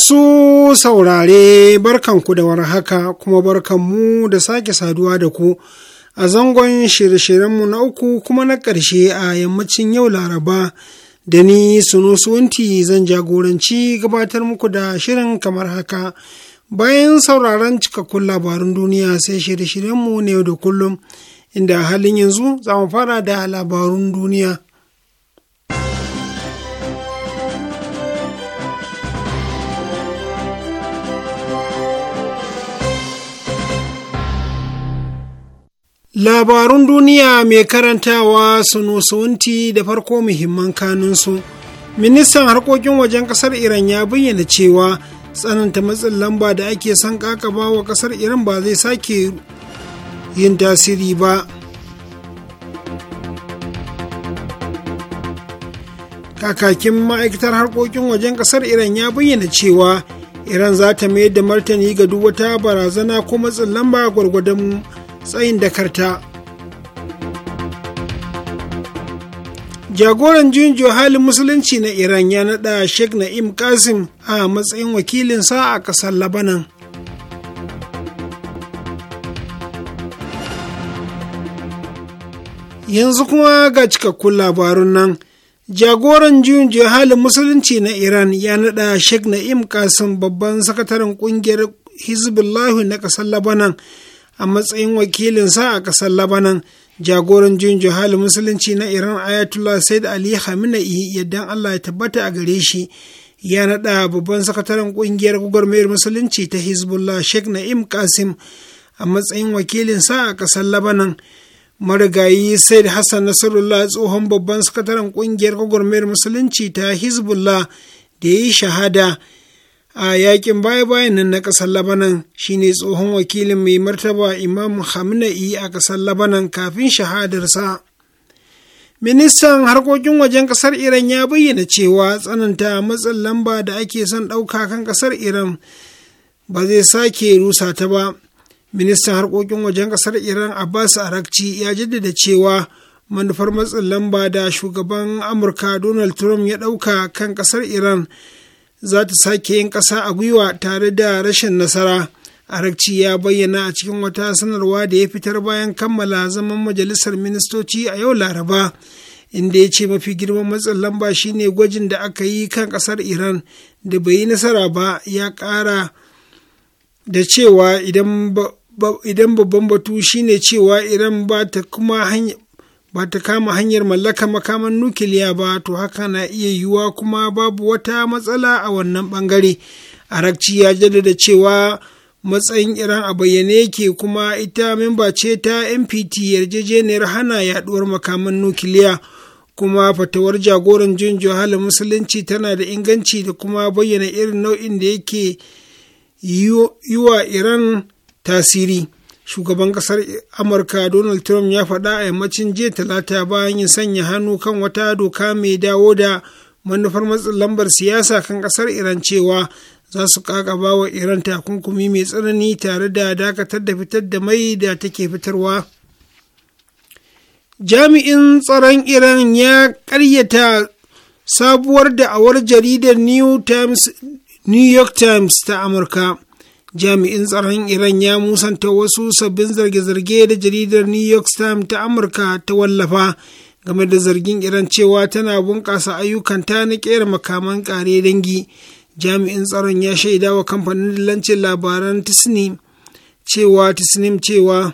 Masu saurare barkan ku da warhaka kuma barkan mu da sake saduwa da ku a zangon shirye-shiryenmu na uku kuma na ƙarshe a yammacin yau Laraba da ni suwanti zan jagoranci gabatar muku da shirin kamar haka. Bayan sauraron cikakkun labarun duniya sai shirye-shiryenmu na yau da kullum inda halin yanzu za mu fara da labarun duniya. Labarun duniya mai karantawa sunti da farko muhimman kanunsu. Ministan harkokin wajen kasar Iran ya bayyana cewa tsananta matsin lamba da ake son kakaba wa kasar Iran ba zai sake yin tasiri ba. Kakakin ma'aikatar harkokin wajen kasar Iran ya bayyana cewa Iran za ta mayar da martani ga duk wata barazana ko matsin lamba gwargwadon tsayin dakarta jagoran juyin halin musulunci na iran ya naɗa sheikh na'im qasim a matsayin wakilinsa a ƙasar labanan yanzu kuma ga cikakkun labarun nan jagoran juyin halin musulunci na iran ya naɗa sheikh na'im qasim babban sakataren ƙungiyar hezbollah na ƙasar labanan a matsayin wakilinsa a ƙasar labanan jagoran jin musulunci na iran ayatollah said ali khamenei yadda allah ya tabbata a gare shi ya naɗa babban sakataren ƙungiyar gwagwarmayar musulunci ta hezbollah sheikh na'im kasim a matsayin wakilinsa a ƙasar labanan marigayi said hassan nasarullah tsohon babban sakataren ƙungiyar gwagwarmayar musulunci ta hezbollah da ya yi shahada a yakin baya-bayan nan na ƙasar Labanan shine tsohon wakilin mai martaba Imam Hamna'i a ƙasar Labanan kafin shahadarsa. Ministan harkokin wajen ƙasar Iran ya bayyana cewa tsananta matsin lamba da ake son ɗauka kan ƙasar Iran ba zai sake rusa ta ba. Ministan harkokin wajen ƙasar Iran Abbas Arakci ya jaddada cewa manufar matsin lamba da shugaban Amurka Donald Trump ya ɗauka kan ƙasar Iran. za ta sake yin ƙasa a gwiwa tare da rashin nasara arakci ya bayyana a cikin wata sanarwa da ya fitar bayan kammala zaman majalisar ministoci a yau laraba inda ya ce mafi girman matsin lamba shine gwajin da aka yi kan ƙasar iran da bai yi nasara ba ya ƙara da cewa idan babban batu shine cewa iran ba ta kuma ba ta kama hanyar mallaka makaman nukiliya ba to haka na iya yiwuwa kuma babu wata matsala a wannan bangare arakci ya jaddada cewa matsayin iran a bayyane yake kuma ita memba ce ta npt yarjejeniyar hana yaduwar makaman nukiliya kuma fatawar jagoran jin johala musulunci tana da inganci da kuma bayyana irin nau'in da yake yi wa iran tasiri shugaban kasar amurka donald trump ya faɗa a yammacin jiya talata bayan ya sanya hannu kan wata doka mai dawo da manufar matsin lambar siyasa kan kasar iran cewa za su kakaba wa iran takunkumi mai tsanani tare da dakatar da fitar da mai da take fitarwa jami'in tsaron iran ya karyata sabuwar da'awar jaridar new york times ta amurka jami'in tsaron iran ya musanta wasu sabbin zarge-zarge da jaridar new york times ta amurka ta wallafa game da zargin iran cewa tana bunƙasa ayyukanta na ƙera makaman kare dangi jami'in tsaron ya shaida wa kamfanin dillancin labaran tisnim cewa tisnim cewa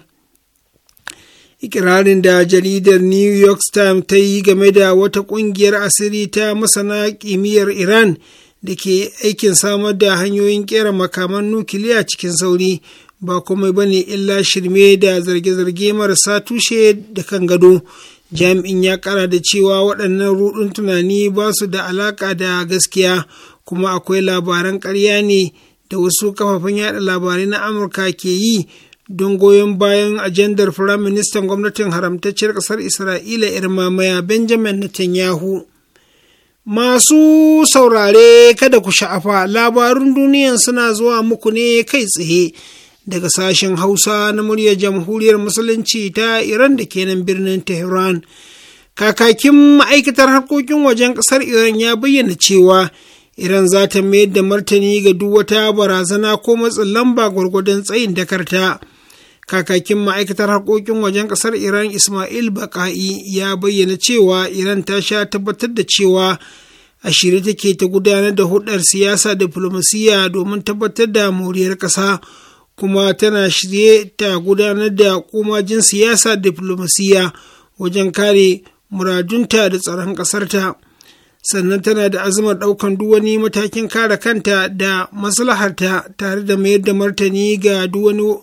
ikirarin da jaridar new york times ta yi game da wata ƙungiyar asiri ta masana kimiyyar iran da ke aikin samar da hanyoyin kera makaman nukiliya cikin sauri ba komai ba ne illa shirme da zarge-zarge marasa tushe da kan gado jami'in ya kara da cewa waɗannan rudun tunani ba su da alaƙa da gaskiya kuma akwai labaran karya ne da wasu kafafen yada labarai na amurka ke yi don goyon bayan ajandar firaministan gwamnatin haramtacciyar ƙasar isra'ila mamaya benjamin netanyahu Masu saurare kada ku sha'afa labarun duniya suna zuwa muku ne kai tsaye daga sashen Hausa na murya Jamhuriyar Musulunci ta Iran da ke nan birnin Tehran. Kakakin ma'aikatar harkokin wajen ƙasar Iran ya bayyana cewa Iran za ta mayar da martani ga duk wata barazana ko matsin lamba gwargwadon tsayin dakarta. kakakin ma'aikatar harkokin wajen ƙasar iran ismail baka'i ya bayyana cewa iran ta sha tabbatar da cewa a shirye take ta gudanar da hudar siyasa diflomasiyya domin tabbatar da moriyar ƙasa kuma tana shirye ta gudanar da kumajin siyasa diflomasiyya wajen kare muradunta da tsaron ƙasarta sannan tana da azumar ɗaukan duwani matakin kare kanta da maslaharta tare da mayar da martani ga duk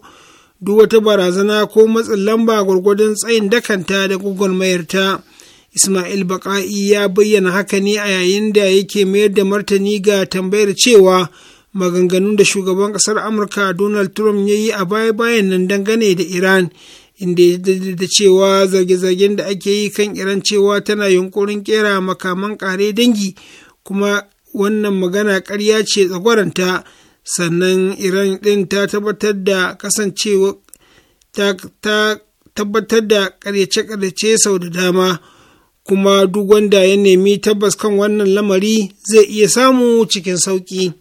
duk wata barazana ko matsin lamba gwargwadon tsayin dakanta da gwagwarmayarta ismail baƙa'i ya bayyana haka ne a yayin da yake mayar da martani ga tambayar cewa maganganun da shugaban ƙasar amurka donald trump ya yi a baya-bayan nan dangane da iran inda ya da cewa zarge-zargen da ake yi kan iran cewa tana yunkurin kera makaman kare dangi kuma wannan magana ƙarya ce tsagwaranta sannan iran ɗin ta tabbatar da kasancewa ta tabbatar da ƙaryace karyace sau da dama kuma duk wanda ya nemi tabbas kan wannan lamari zai iya samu cikin sauƙi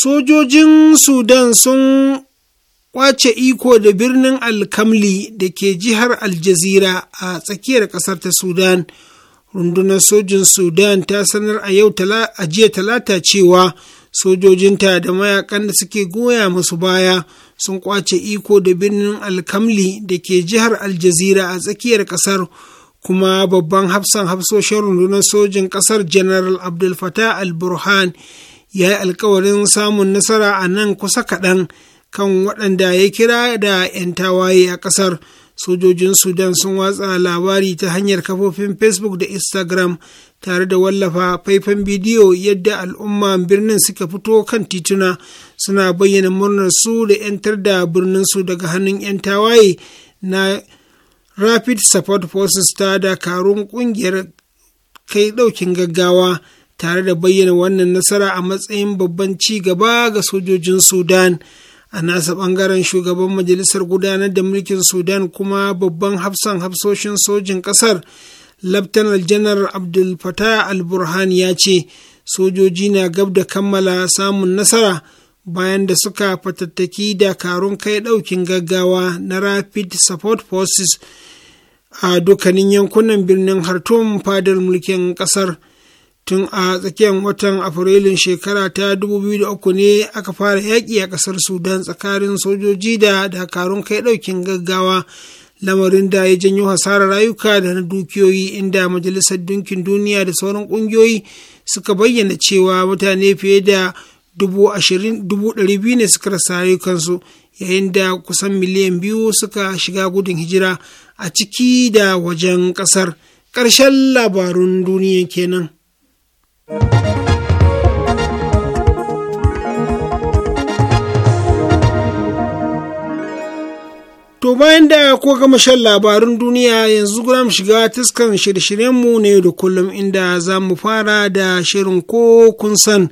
sojojin sudan sun kwace iko da birnin alkamli da ke jihar aljazira a tsakiyar ƙasar ta sudan rundunar sojin sudan ta sanar a jiya talata cewa sojojinta da mayakan da suke goya masu baya sun kwace iko da birnin alkamli da ke jihar aljazira a tsakiyar kasar kuma babban hafsan hafsoshin rundunar sojin kasar general abdul fatah al-burhan ya yi alkawarin samun nasara a nan kusa kaɗan kan waɗanda ya kira da 'yan tawaye a ƙasar sojojin sudan sun watsa labari ta hanyar kafofin facebook da instagram tare da wallafa faifan bidiyo yadda al'umma birnin suka fito kan tituna suna bayyana murnar su da 'yantar da birnin su daga hannun 'yan tawaye na rapid support forces ta dakarun kungiyar kai daukin gaggawa tare da bayyana wannan nasara a matsayin babban ci gaba ga sojojin sudan a nasa bangaren shugaban majalisar gudanar da mulkin sudan kuma babban hafsan hafsoshin sojin kasar Laftanar Janar Abdul Fattah al-Burhan ya ce, Sojoji na gab da kammala samun nasara bayan da suka fatattaki dakarun kai ɗaukin gaggawa na Rapid Support Forces a dukkanin yankunan birnin Hartum fadar mulkin ƙasar. Tun a tsakiyar watan Afrilun shekara ta 2003 ne aka fara yaƙi a ƙasar Sudan tsakanin sojoji da dakarun kai ɗaukin gaggawa. lamarin da ya janyo hasarar rayuka da na dukiyoyi inda majalisar dunkin duniya da sauran ƙungiyoyi suka bayyana cewa mutane fiye da dubu ɗari ne suka rasa rayukansu yayin da kusan miliyan biyu suka shiga gudun hijira a ciki da wajen ƙasar ƙarshen labarun duniya kenan. To bayan da ko gama shan labarun duniya yanzu gura mu shiga taskan shirye-shiryenmu ne da kullum inda za mu fara da shirin ko kun san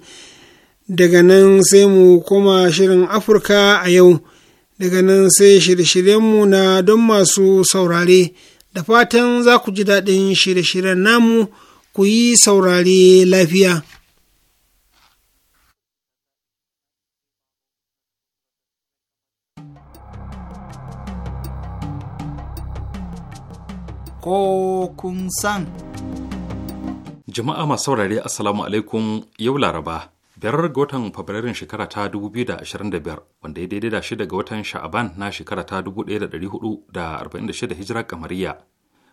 daga nan sai mu koma shirin Afirka a yau daga nan sai shirye-shiryenmu na don masu saurare da fatan za ku ji daɗin shirye-shiryen namu ku yi saurare lafiya. ko kun san. Jama'a masu saurare Assalamu alaikum yau Laraba. Biyar ga watan Fabrairun shekara ta 2025 wanda ya daidai da shi ga watan Sha'aban na shekara ta 1446 hijira kamariya.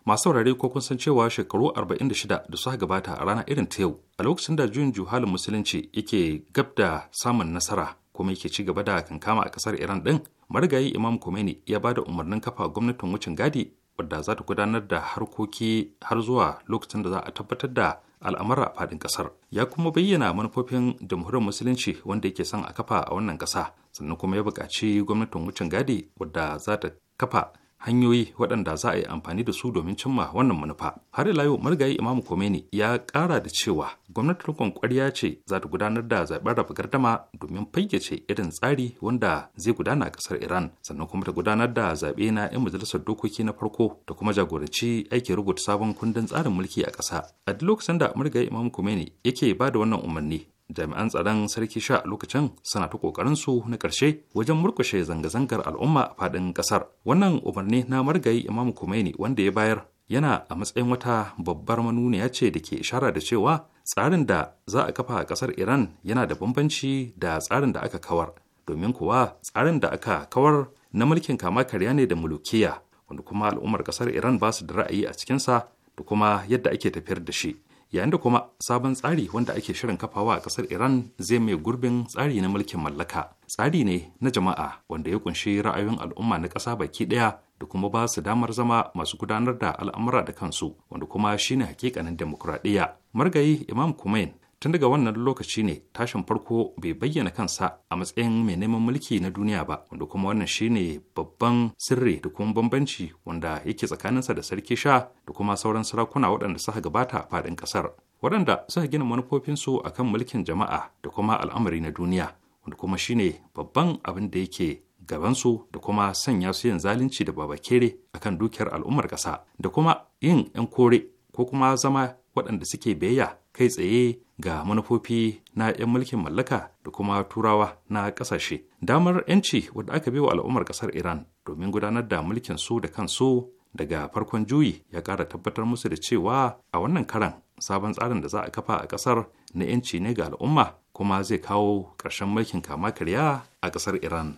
Masu saurare ko kun san cewa shekaru 46 da suka gabata a rana irin ta yau a lokacin da juyin juhalin musulunci yake gab da samun nasara kuma yake ci gaba da kankama a kasar Iran din marigayi Imam Khomeini ya ba da umarnin kafa gwamnatin wucin gadi wadda za ta gudanar da harkoki har zuwa lokacin da za a tabbatar da al'amura a fadin kasar ya kuma bayyana manufofin jamhuriyar musulunci wanda yake son a kafa a wannan kasa sannan kuma ya buƙaci gwamnatin wucin gadi wadda za ta kafa hanyoyi waɗanda za a yi amfani da su domin cimma wannan manufa. Har ila yau marigayi Imam Khomeini ya kara da cewa gwamnati riƙon ƙwarya ce za ta gudanar da zaɓen raba gardama domin fayyace irin tsari wanda zai gudana a ƙasar Iran sannan kuma ta gudanar da zaɓe na 'yan majalisar dokoki na farko da kuma jagoranci aikin rubuta sabon kundin tsarin mulki a ƙasa. A duk lokacin da marigayi imam Khomeini yake ba da wannan umarni jami'an tsaron sarki sha a lokacin suna ta kokarin su na karshe wajen murkushe zanga-zangar al'umma a fadin kasar wannan umarni na margayi imamu kumaini wanda ya bayar yana a matsayin wata babbar manuniya ce da ke ishara da cewa tsarin da za a kafa a kasar iran yana da bambanci da tsarin da aka kawar domin kuwa tsarin da aka kawar na mulkin kama karya ne da mulukiya wanda kuma al'ummar kasar iran ba su da ra'ayi a cikinsa da kuma yadda ake tafiyar da shi yayin da kuma sabon tsari wanda ake shirin kafawa a kasar iran zai mai gurbin tsari na mulkin mallaka tsari ne na jama'a wanda ya kunshi ra'ayoyin al'umma na ƙasa baki ɗaya da kuma ba su damar zama masu gudanar da al'amura da kansu wanda kuma shine hakikanin demokuraɗiyya margayi imam kumain tun daga wannan lokaci ne tashin farko bai bayyana kansa a matsayin mai neman mulki na duniya ba wanda kuma wannan shine babban sirri da kuma bambanci wanda yake tsakaninsa da sarki sha da kuma sauran sarakuna waɗanda suka gabata faɗin ƙasar waɗanda suka gina manufofinsu a kan mulkin jama'a da kuma al'amari na duniya wanda kuma shine babban abin da yake gabansu da kuma sanya su yin zalunci da babakere akan dukiyar al'ummar ƙasa da kuma yin 'yan kore ko kuma zama waɗanda suke biyayya kai tsaye ga manufofi na 'yan mulkin mallaka da kuma turawa na ƙasashe. Damar 'yanci wadda aka bai wa al'ummar ƙasar Iran domin gudanar da mulkin su da kansu daga farkon juyi ya ƙara tabbatar musu da cewa a wannan karan sabon tsarin da za a kafa a ƙasar na 'yanci ne ga al'umma kuma zai kawo ƙarshen mulkin kama karya a ƙasar Iran.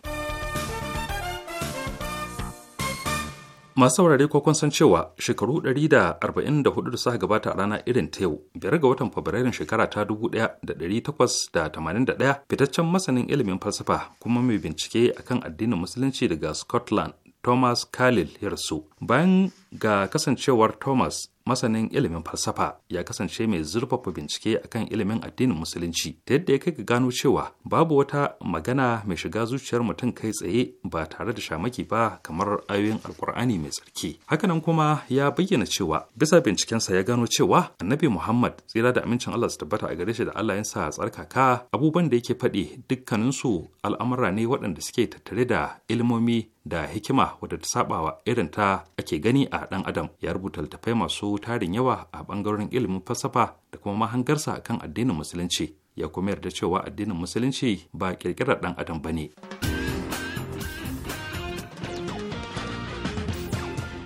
masu saurare ko kun san cewa shekaru 144 da suka gabata a rana irin ta yau biyar ga watan fabrairun shekara ta 1881 fitaccen masanin ilimin falsafa kuma mai bincike a kan addinin musulunci daga scotland thomas kalil ya bayan ga kasancewar thomas masanin ilimin falsafa ya kasance mai zurfafa bincike a kan ilimin addinin musulunci ta yadda ya kai ga gano cewa babu wata magana mai shiga zuciyar mutum kai tsaye ba tare da shamaki ba kamar ayoyin alkur'ani mai tsarki hakanan kuma ya bayyana cewa bisa bincikensa ya gano cewa annabi muhammad tsira da amincin allah su tabbata a gare shi da allah yansa tsarkaka abubuwan da yake faɗi dukkaninsu al'amura ne waɗanda suke tattare da ilimomi da hikima wadda ta sabawa irin ta ake gani a ɗan adam ya rubuta littattafai masu tarin yawa a bangaren ilimin falsafa da kuma mahangarsa kan addinin musulunci ya kuma yarda cewa addinin musulunci ba kirkirar dan adam ba ne.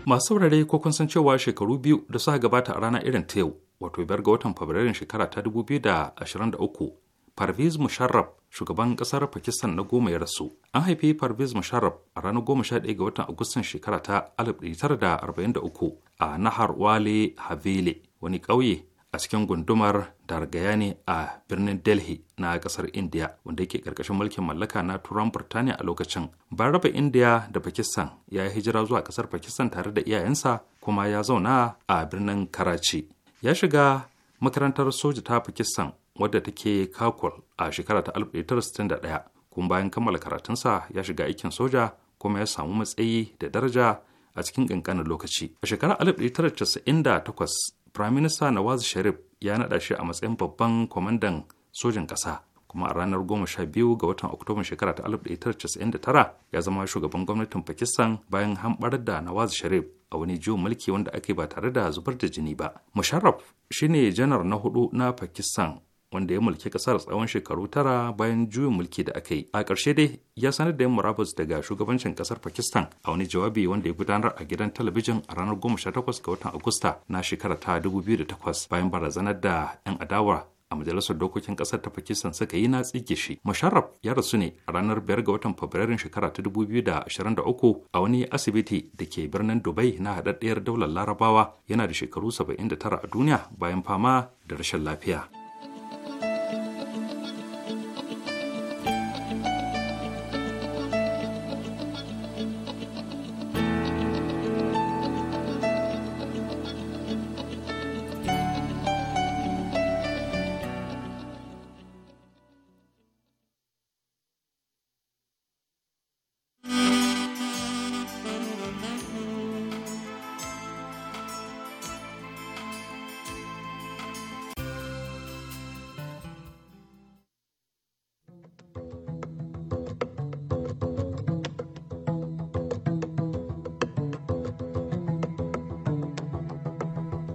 masu saurare ko kun san cewa shekaru biyu da suka gabata a rana irin ta yau wato biyar ga watan fabrairun shekara ta dubu da uku. Parvez Musharraf shugaban kasar Pakistan na goma ya rasu. An haifi Parvez Musharraf a ranar goma sha ɗaya ga watan Agustan shekara ta 1943 a Nahar Wale Havele wani ƙauye a cikin gundumar Dargayani a birnin Delhi na ƙasar India wanda yake ƙarƙashin mulkin mallaka na Turan Burtaniya a lokacin. Bayan raba India da Pakistan ya yi hijira zuwa ƙasar Pakistan tare da iyayensa kuma ya zauna a birnin Karachi. Ya shiga makarantar soja ta Pakistan wadda take Kakul a shekara ta 1961 kuma bayan kammala karatunsa ya shiga aikin soja kuma ya samu matsayi da daraja a cikin ƙanƙanin lokaci. A shekarar 1998 Prime Minister Nawaz Sharif ya naɗa shi a matsayin babban kwamandan sojin ƙasa kuma a ranar 12 ga watan Oktoban shekara ta 1999 ya zama shugaban gwamnatin Pakistan bayan hamɓar da Nawaz Sharif a wani jiwon mulki wanda ake ba tare da zubar da jini ba. Musharraf shine janar na hudu na Pakistan wanda ya mulki kasar tsawon shekaru tara bayan juyin mulki da aka yi a ƙarshe dai ya sanar da yin murabus daga shugabancin kasar pakistan a wani jawabi wanda ya gudanar a gidan talabijin a ranar 18 ga watan agusta na shekara ta 2008 bayan barazanar da 'yan adawa a majalisar dokokin kasar ta pakistan suka yi na tsige shi musharraf ya rasu ne a ranar biyar ga watan fabrairun shekara ta 2023 a wani asibiti da ke birnin dubai na haɗaɗɗiyar daular larabawa yana da shekaru 79 a duniya bayan fama da rashin lafiya.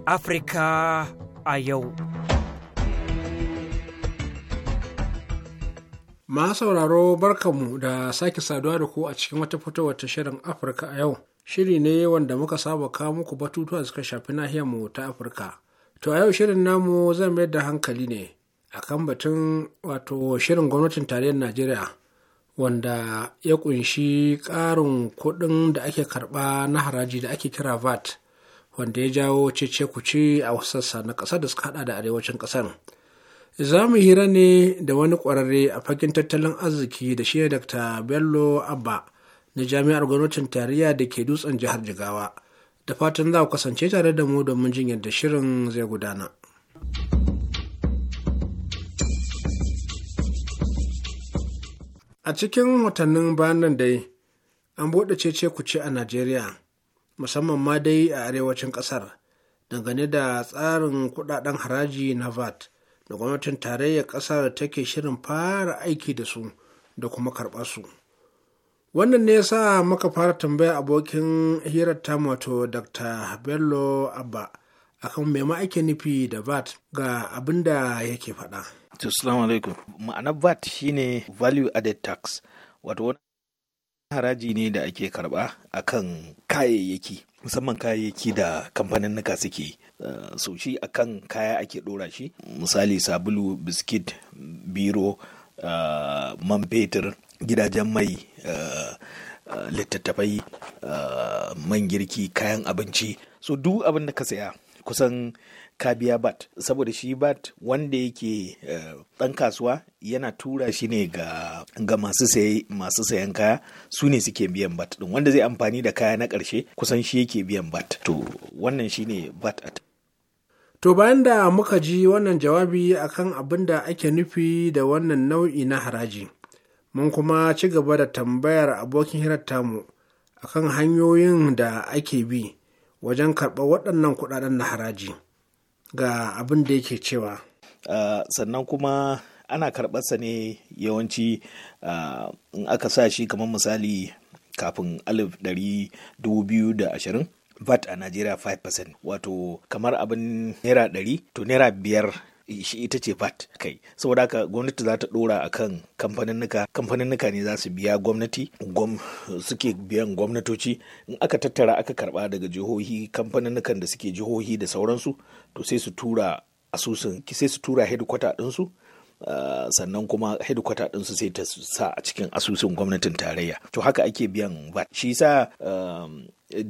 Afirka a yau. Ma sauraro barkanmu da sake saduwa da ku a cikin wata fito wata shirin Afirka a yau. Shiri ne wanda muka saba kawo muku batutuwa suka shafi nahiyarmu ta Afirka. To a yau shirin namu zan mayar da hankali ne a kan batun wato shirin gwamnatin tarayyar Najeriya wanda ya ƙunshi ƙarin kuɗin da ake karɓa na haraji da ake kira VAT. wanda ya jawo cece kuce a wasu sassa na ƙasar da suka hada da arewacin ƙasar za mu hira ne da wani ƙwararre a fagen tattalin arziki da shi dr bello abba na jami'ar gwamnatin tarayya da ke dutsen jihar jigawa da fatan za ku kasance tare da mu domin jin yadda shirin zai gudana. a cikin watannin bayan dai an buɗe cece kuce a najeriya musamman ma dai a arewacin ƙasar dangane da tsarin kudaden haraji na vat da gwamnatin tarayyar ƙasar take shirin fara aiki da su da kuma karɓar su wannan ne sa muka fara tambaya abokin hirar ta mato dr bello abba akan mai ma nufi da vat ga abin da yake faɗa. assalamu alaikum ma'anar vat shine value added tax wato haraji ne da ake karba a kan kayayyaki musamman kayayyaki da kamfanin nuka suke eh, so shi a kan kaya ake ɗora shi misali sabulu biskit biro eh, man fetur gidajen mai eh, littattafai man girki kayan abinci so duk abin da ka saya kusan ka biya bat saboda shi bat wanda yake eh, ɗan kasuwa yana tura shi ne ga, masu sayan masu sayan kaya su ne suke biyan bat din wanda zai amfani da kaya na karshe kusan shi yake biyan bat to wannan shine bat at To bayan da muka ji wannan jawabi akan abin da ake nufi da wannan nau'i na haraji, mun kuma ci gaba da tambayar abokin hirar tamu akan hanyoyin da ake bi wajen karɓar waɗannan kuɗaɗen na haraji. ga abin da yake cewa uh, sannan kuma ana karɓarsa ne yawanci uh, in aka sa shi kamar misali kafin alif ɗari dubu biyu da ashirin VAT a Najeriya 5% wato kamar abin naira ɗari to naira biyar shi ita ce VAT kai saboda haka gwamnati za ta dora akan kamfaninnika kamfaninnika ne za su biya gwamnati gwam suke biyan gwamnatoci in aka tattara aka karba daga jihohi kamfaninnikan da suke jihohi da sauransu to sai su tura asusun sai su tura hedikwata ɗinsu Eh, sannan kuma hedikwata su sai ta sa a cikin asusun gwamnatin tarayya to haka ake biyan ba shi sa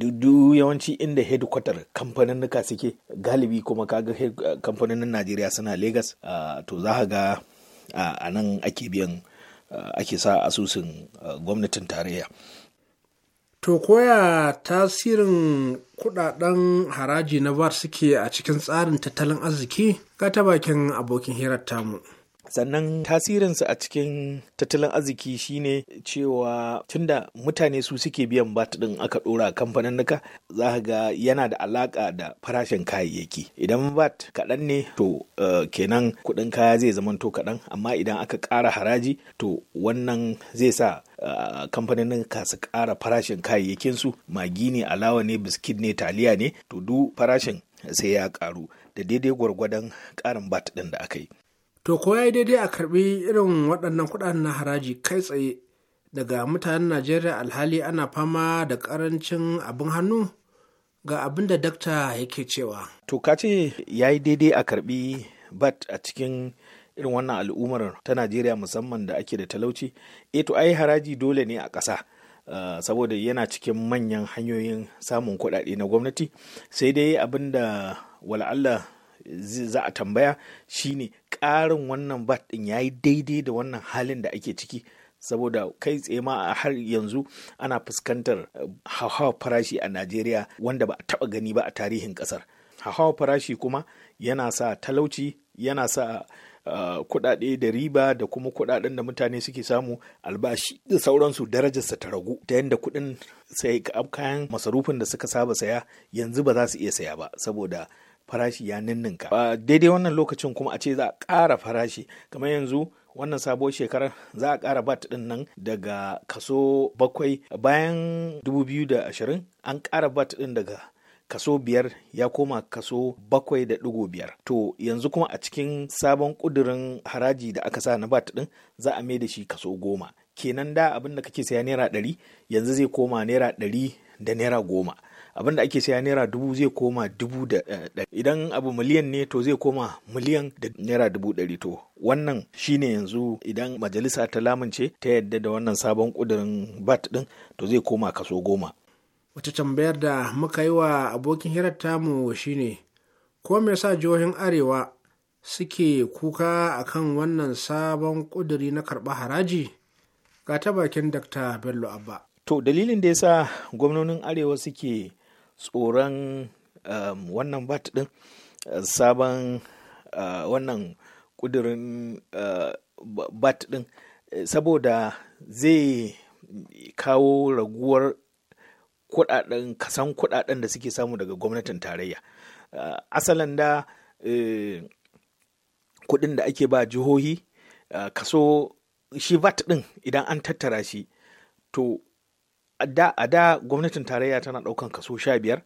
dudu ehm, yawanci inda headquarter nuka suke galibi kuma kaga eh, kamfanin najeriya suna lagos eh, to za ka ga a nan ake biyan ake sa asusun gwamnatin tarayya to koya tasirin kudaden haraji na var suke a cikin tsarin tattalin arziki ga ta bakin abokin hirar tamu. sannan tasirinsu a cikin tattalin arziki shine cewa tunda mutane su suke biyan bat din aka dora kamfanin nuka za ga yana da alaka da farashin kayayyaki idan bat kaɗan ne to eh, kenan kuɗin kaya zai zamanto kaɗan amma idan aka ƙara haraji to wannan zai sa Uh, eh, kamfanin ka su ƙara farashin kayayyakinsu magi ne alawa ne biskit ne taliya ne to du farashin sai ya ƙaru da daidai gwargwadon ƙarin bat ɗin da aka yi to ko ya yi daidai a karbi irin waɗannan kuɗaɗen na haraji kai tsaye daga mutanen najeriya alhali ana fama da ƙarancin abin hannu ga abin da dakta yake cewa to ka ce ya yi daidai a karbi bat a cikin irin wannan al'ummar ta najeriya musamman da ake da talauci e to ai haraji dole ne a ƙasa Uh, saboda yana cikin manyan hanyoyin samun kuɗaɗe na gwamnati sai dai abinda da wala'alla za a tambaya shine ƙarin wannan bat ɗin ya yi daidai da wannan halin da ake ciki saboda kai tsaye ma har yanzu ana fuskantar eh, hauhawar farashi a najeriya wanda ba a taba gani ba a tarihin ƙasar hauhawar farashi kuma yana sa talauci yana sa Uh, kuɗaɗe da riba da kuma kuɗaɗen da mutane suke samu albashi da sauransu darajarsa ta ragu ta yadda kuɗin sai kayan masarufin da suka saba saya yanzu ba za su iya saya ba saboda farashi ya ninninka daidai wannan lokacin kuma a ce za a ƙara farashi kamar yanzu wannan sabuwar shekarar za a ƙara bat ɗin nan daga kaso bakwai bayan 2020 an ƙara bat ɗin daga kaso biyar ya koma kaso bakwai da ɗigo biyar to yanzu kuma a cikin sabon ƙudurin haraji da aka sa na bat ɗin za a mai da shi kaso goma kenan da abin da kake saya naira ɗari yanzu zai koma naira ɗari da naira goma abin da ake saya naira dubu zai koma dubu da eh, ɗari idan abu miliyan ne to zai koma miliyan da naira dubu ɗari to wannan shine yanzu idan majalisa ta lamince ta yadda da wannan sabon kudirin bat din to zai koma kaso goma wata tambayar da muka yi wa abokin hirar tamu shine ko me sa jihohin arewa suke kuka akan wannan sabon kuduri na karɓa haraji ga ta bakin dr bello abba to dalilin da yasa gwamnonin arewa suke tsoron um, wannan bat din uh, sabon uh, wannan kudirin uh, bat din eh, saboda zai kawo raguwar kudaden kasan kudaden da suke samu daga gwamnatin tarayya asalin da eh, kudin da ake ba jihohi kaso shi vat din idan an tattara shi to da a da gwamnatin tarayya tana ɗaukan kaso sha biyar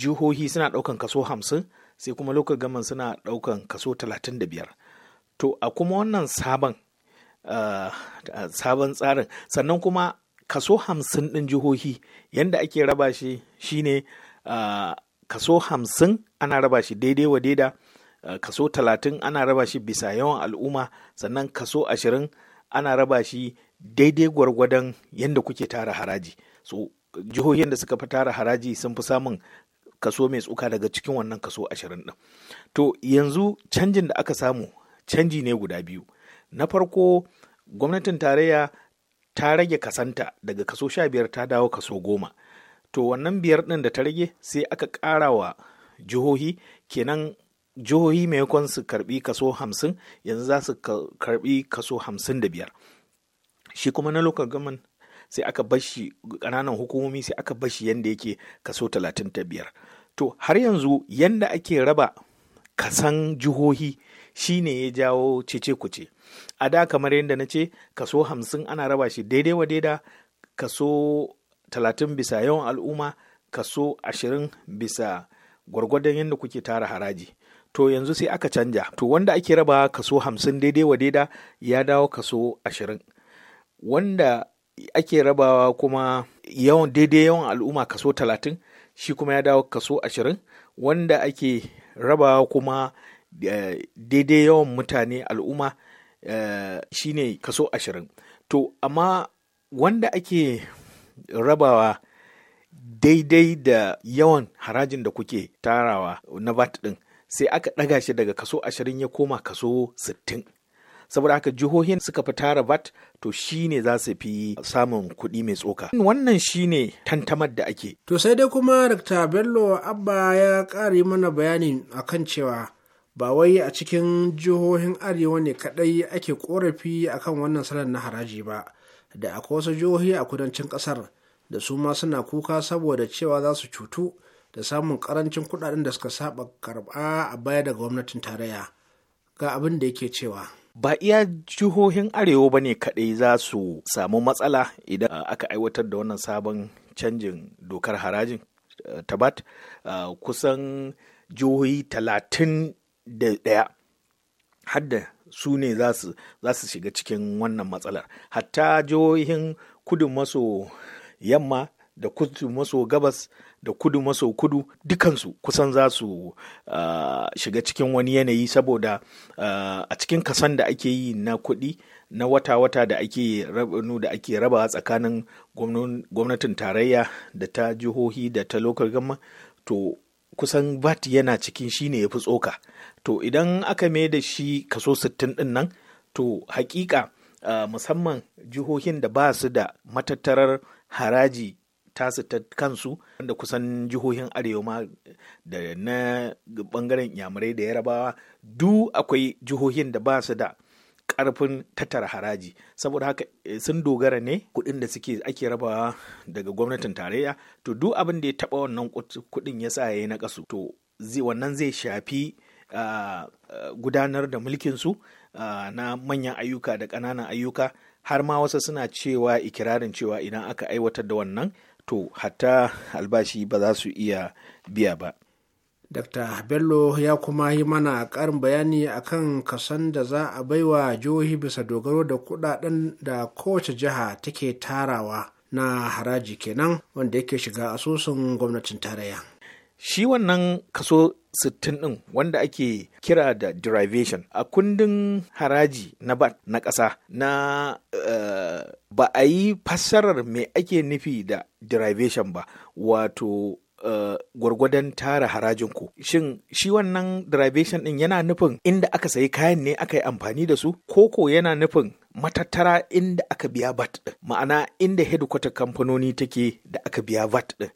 jihohi suna ɗaukan kaso hamsin sai kuma local gaman suna ɗaukan kaso talatin da biyar to a kuma wannan sabon tsarin sannan kuma kaso hamsin ɗin jihohi yadda ake raba shi shine kaso hamsin ana raba shi daidai wa daida kaso talatin ana raba shi bisa yawan al'umma sannan kaso ashirin ana raba shi daidai gwargwadon yadda kuke tara haraji so jihohin da suka fi tara haraji sun fi samun kaso mai tsuka daga cikin wannan kaso ashirin ɗin to yanzu canjin da aka samu canji ne guda biyu na farko gwamnatin tarayya ta rage kasanta daga kaso sha biyar ta dawo kaso goma to wannan biyar ɗin da ta rage sai aka ƙara wa jihohi kenan jihohi maimakon su karbi kaso hamsin yanzu za su karbi kaso hamsin da biyar shi kuma na local government sai aka bashi ƙananan hukumomi sai aka bashi yanda yake kaso 35 to har yanzu yanda ake raba kasan jihohi shine ya jawo cece kuce a da kamar yadda na ce kaso 50 ana raba shi daidai wa daida kaso 30 bisa yawan al'umma kaso 20 bisa gwargwadon yadda kuke tara haraji to yanzu sai aka canja to wanda ake raba kaso 50 daidai wa daida ya dawo kaso 20 wanda ake rabawa kuma yawan daidai yawan al'umma kaso talatin shi kuma ya dawo kaso ashirin wanda ake rabawa kuma eh, daidai yawan mutane al'umma eh, shi ne kaso ashirin to amma wanda ake rabawa daidai da yawan harajin da kuke tarawa na VAT din sai aka ɗaga shi daga kaso ashirin ya koma kaso sittin saboda haka jihohin suka fi tara vat to shine za su fi samun kuɗi mai tsoka wannan shine tantamar da ake to sai dai kuma dr bello abba ya ƙari mana bayani akan cewa ba wai a cikin jihohin arewa ne kaɗai ake ƙorafi akan wannan salon na haraji ba da akwai wasu jihohi a kudancin ƙasar da su ma suna kuka saboda cewa za su cutu da samun ƙarancin kuɗaɗen da suka saba karba a baya daga gwamnatin tarayya ga abin da yake cewa ba iya jihohin arewa ba ne kaɗai za su samu matsala idan uh, aka aiwatar da wannan sabon canjin dokar harajin uh, tabat uh, kusan jihohi talatin da ɗaya hadda su ne za su shiga cikin wannan matsalar hatta jihohin kudu maso yamma da kudu maso gabas da kudu maso kudu dukansu kusan za su ah, shiga cikin wani yanayi saboda ah, a cikin kasan da ake yi na kudi na wata-wata da ake da ake raba tsakanin gwamnatin tarayya da ta jihohi da ta local gama to kusan VAT yana cikin shi ne ya fi tsoka. To idan aka mai da shi kaso 60 din nan, to hakika uh, ah, musamman jihohin da ba su da matattarar haraji tasu ta kansu da kusan jihohin arewa ma da na bangaren yamurai da yarabawa du akwai jihohin da ba su da karfin tattara haraji saboda haka eh, sun dogara ne kuɗin da suke ake rabawa daga gwamnatin tarayya to du abin da ya taba wannan kuɗin ya sa ya yi na kasu to wannan zai shafi ah, ah, gudanar da mulkinsu ah, na manyan ayyuka da ƙananan ayyuka har ma wasu suna cewa ikirarin cewa idan aka aiwatar da wannan to hatta albashi ba za su iya biya ba dr bello ya kuma yi mana ƙarin bayani akan kasan da za a baiwa jihohi bisa dogaro da kudaden da kowace jiha take tarawa na haraji kenan wanda yake shiga asusun gwamnatin tarayya Shi wannan kaso 60 ɗin wanda ake kira da derivation a kundin haraji na bat na ƙasa na eh, ba a yi fassarar me ake nufi da derivation ba wato Uh, gwargwadon tara harajin ku shin shi wannan derivation ɗin yana nufin inda aka sayi kayan ne aka yi amfani da su koko yana nufin matattara inda aka biya VAT ɗin, ma'ana inda headquarter kamfanoni take da aka biya VAT ɗin.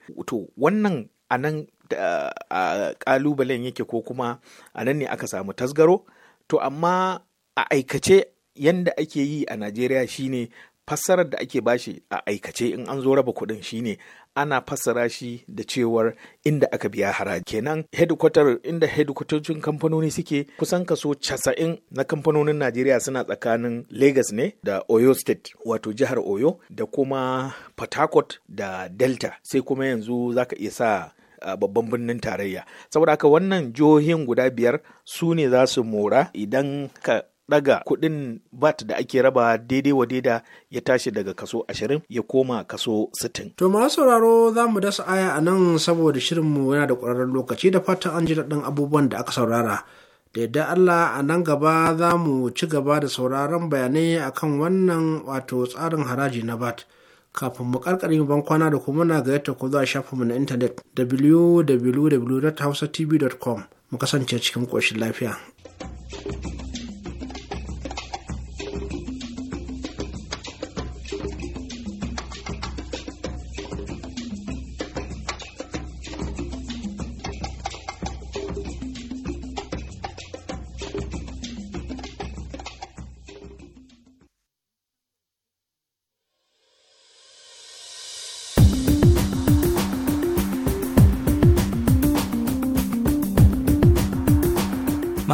wannan a nan a kalubalen yake ko kuma a nan ne aka samu tasgaro to amma a aikace yadda ake yi a najeriya shine fassarar da ake bashi a aikace in an zo raba kuɗin shine ana fassara shi da cewar inda aka biya haraji kenan headquarter inda hedikwatocin kamfanoni suke kusan kaso 90 na kamfanonin najeriya suna tsakanin lagos ne da oyo state wato jihar oyo da kuma port da delta sai kuma yanzu zaka iya sa babban birnin tarayya saboda haka wannan jihohin guda biyar su ne za su mora idan ka daga kudin bat da ake raba daidai wa daida ya tashi daga kaso ashirin ya koma kaso sitin. To ma sauraro za mu dasa aya a nan saboda shirinmu yana da ƙwararren lokaci da fatan an ji daɗin abubuwan da aka saurara. Da yadda Allah a nan gaba za mu ci gaba da sauraron bayanai akan wannan wato tsarin haraji na bat. kafin mu karkare ban kwana da kuma na gayyata ku za a mu na intanet www.hausatv.com mu kasance cikin koshin lafiya.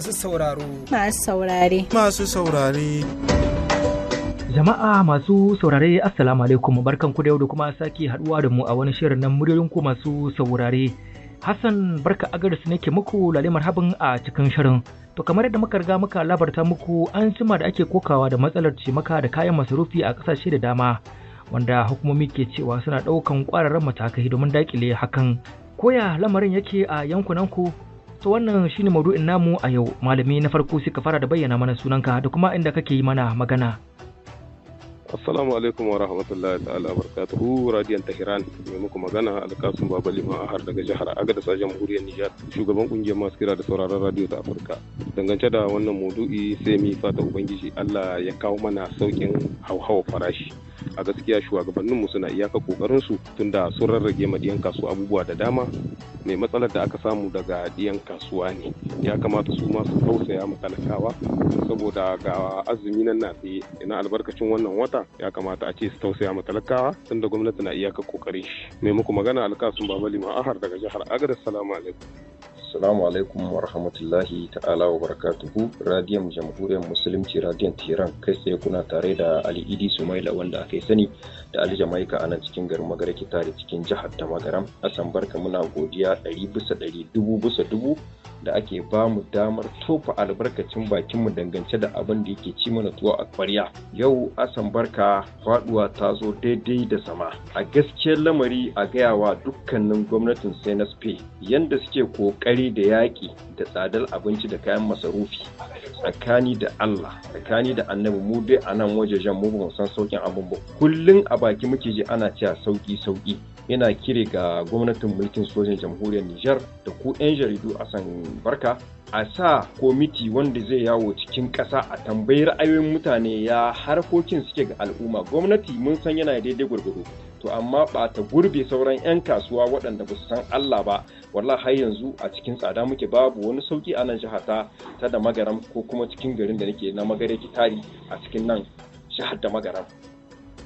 masu sauraro. Masu saurare. Masu saurare. Jama'a masu saurare Assalamu alaikum barkan ku da yau da kuma sake haduwa da mu a wani shirin nan muryoyin ku masu saurare. Hassan barka agaris ne ke muku lalle marhaban a cikin shirin. To kamar yadda muka riga muka labarta muku an cima da ake kokawa da matsalar cimaka da kayan masarufi a ƙasashe da dama wanda hukumomi ke cewa suna ɗaukan ƙwararren matakai domin dakile hakan. Koya lamarin yake a yankunan ku To wannan shine maudu'in namu a yau malami na farko suka fara da bayyana mana sunanka da kuma inda kake yi mana magana. Assalamu alaikum wa rahmatullahi ta'ala barakatuhu radiyan Tahiran mai muku magana alkasun Baba Liman har daga jihar Agada a jamhuriyar Nijar shugaban kungiyar masu kira da sauraron radio ta Afirka dangance da wannan maudu'i sai mi fata ubangiji Allah ya kawo mana saukin hauhawa farashi a gaskiya shugabanninmu suna iyaka kokarin su tunda sun rarrage ma diyan kasuwa abubuwa da dama mai matsalar da aka samu daga diyan kasuwa ne ya kamata su masu tausaya ma talakawa saboda ga azumi nan na tsaye ina albarkacin wannan wata haka ya kamata a ce su tausaya ma talakawa tunda gwamnati na iyaka kokarin shi. Maimakon muku magana alkasun Babali Ma'ahar daga jihar Agadez. Salamu alaikum. Assalamu alaikum wa rahmatullahi ta'ala wa barakatuhu. Radiyon Jamhuriyar Musulunci Radiyon tiran. kai tsaye kuna tare da Ali Idi Sumaila wanda aka yi sani da Ali Jamaika a nan cikin garin Magaraki tare cikin jihar ta Magaram. Asan barka muna godiya ɗari bisa ɗari dubu bisa dubu da ake ba mu damar tofa albarkacin bakinmu dangance da abin da yake ci mana tuwo a kwarya. Yau asan barka faduwa ta zo daidai da sama. A gaskiyar lamari a gayawa dukkanin gwamnatin Senate yanda suke kokari fari da yaƙi da tsadar abinci da kayan masarufi tsakani da Allah tsakani da annabi mu dai a nan wajejen mu ba san saukin abin ba kullum a baki muke ji ana cewa sauki sauki yana kire ga gwamnatin mulkin sojin jamhuriyar Nijar da ku 'yan jaridu a san barka a sa komiti wanda zai yawo cikin ƙasa a tambayi ra'ayoyin mutane ya harkokin suke ga al'umma gwamnati mun san yana daidai gwargwado to amma ba ta gurbe sauran 'yan kasuwa waɗanda ba su san Allah ba wallah har yanzu a cikin tsada muke babu wani sauki a nan jihar ta ta da magaram ko kuma cikin garin da nake na magare kitari a cikin nan jihar da magaram